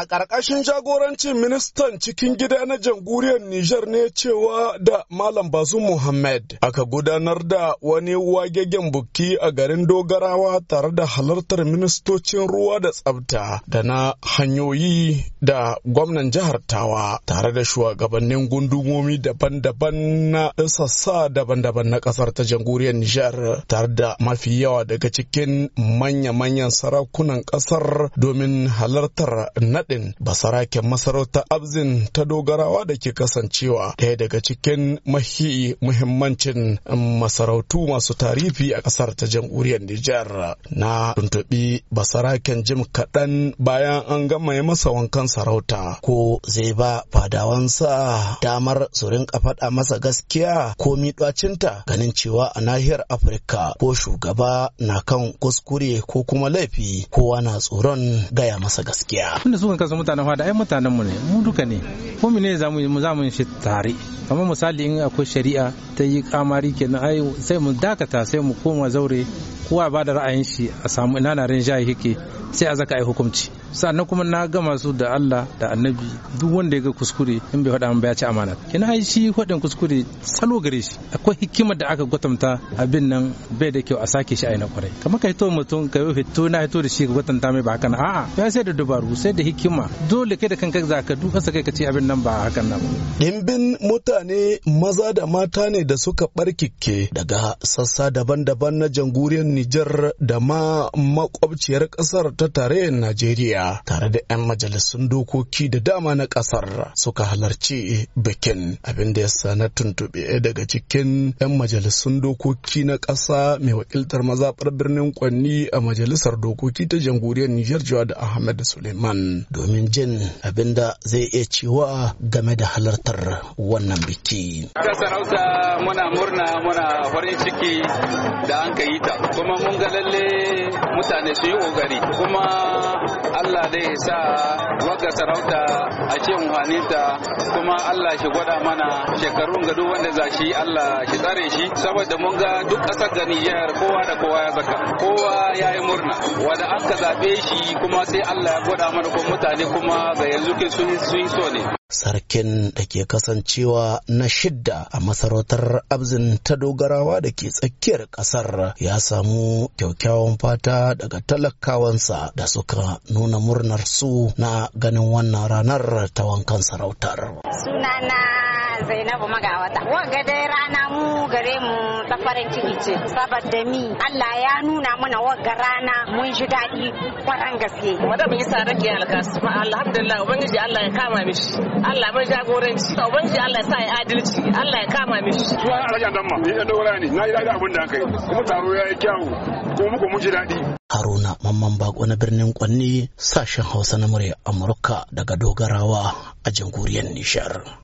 A ƙarƙashin jagorancin ministan cikin gida na jamhuriyar Nijar ne cewa da Malam Basu Muhammad aka gudanar da wani wagegen buki a garin Dogarawa tare da halartar ministocin ruwa da tsabta da na hanyoyi da gwamnan jihar Tawa tare da shugabannin gundumomi daban-daban na sassa daban-daban na ƙasar ta jamhuriyar Nijar tare da mafi yawa daga cikin manya-manyan sarakunan ƙasar domin halartar na naɗin basaraken masarautar abzin ta dogarawa da ke kasancewa daya daga cikin mahi muhimmancin um, masarautu masu tarifi a ƙasar ta jamhuriyar Nijar na tuntuɓi basaraken jim kaɗan bayan an gama ya masa wankan sarauta ko zai ba fadawansa damar su rinka faɗa masa gaskiya ko miɗwacinta ganin cewa a nahiyar Afirka ko shugaba na kan kuskure ko kuma laifi kowa na tsoron gaya masa gaskiya. muka zo mutanen fada ai mutanen mu ne mu duka ne ko mu ne za mu zamu shi tare kamar misali in akwai shari'a ta yi kamari kenan ai sai mu dakata sai mu koma zaure kowa ba da ra'ayin shi a samu ina na jahi hike sai a zaka ai hukunci sannan kuma na gama su da Allah da annabi duk wanda ya ga kuskure in bai faɗa mun bai ci amana kina ai shi faɗin kuskure salo gare shi akwai hikimar da aka gwatanta abin nan bai da kyau a sake shi a ina kwarai kamar ka hito mutum ka yi hito na hito da shi ka gwatanta mai ba kana a'a ya sai da dabaru sai da hikima dole kai da kanka zaka duka sai kai ka ce abin nan ba hakan nan dimbin mutane maza da mata ne da suka barkike daga sassa daban-daban na jamhuriyar Nijar da ma makwabciyar ƙasar ta tarayyar Najeriya tare da 'yan majalisun dokoki da dama na ƙasar suka halarci bikin abin da ya sana tuntuɓe daga cikin 'yan majalisun dokoki na ƙasa mai wakiltar mazaɓar birnin Kwanni a majalisar dokoki ta jamhuriyar Nijar Jawad Ahmed Suleiman domin jin abin da zai iya cewa game da halartar wannan biki. muna murna muna farin ciki da an ka yi ta kuma mun ga lalle mutane su yi kokari kuma Allah da ya sa wagga sarauta a ce muhaninta kuma Allah shi gwada mana shekarun gado wanda za shi Allah shi tsare shi saboda mun ga duk ƙasar gani yayar kowa da kowa ya zaka kowa ya yi murna wanda an ka zaɓe shi kuma sai Allah ya gwada mana kuma mutane kuma ga yanzu sun yi so ne sarkin da ke kasancewa na shidda a masarautar abzin ta dogarawa da ke tsakiyar kasar ya samu kyaukyawan fata daga talakawansa da suka nuna murnar su na ganin wannan ranar ta wankan sarautar Zainabu Magawata. Wanga dai rana mu gare mu ta farin ciki ce. Saboda mi Allah ya nuna mana ga rana mun ji daɗi kwaran gaske. Wanda mun yi sarar ke alkasu. Alhamdulillah Ubangiji Allah ya kama mishi. Allah mai jagoranci. Ubangiji Allah ya sa ya adalci. Allah ya kama mishi. Suwa Alhaji Adamma, ni ɗan dora ne. Na yi daɗi abin da kai Kuma taro ya yi kyawu. Kuma muku mun ji daɗi. Haruna Mamman Bako na birnin Kwanni sashen Hausa na murya Amurka daga dogarawa a jamhuriyar Nishar.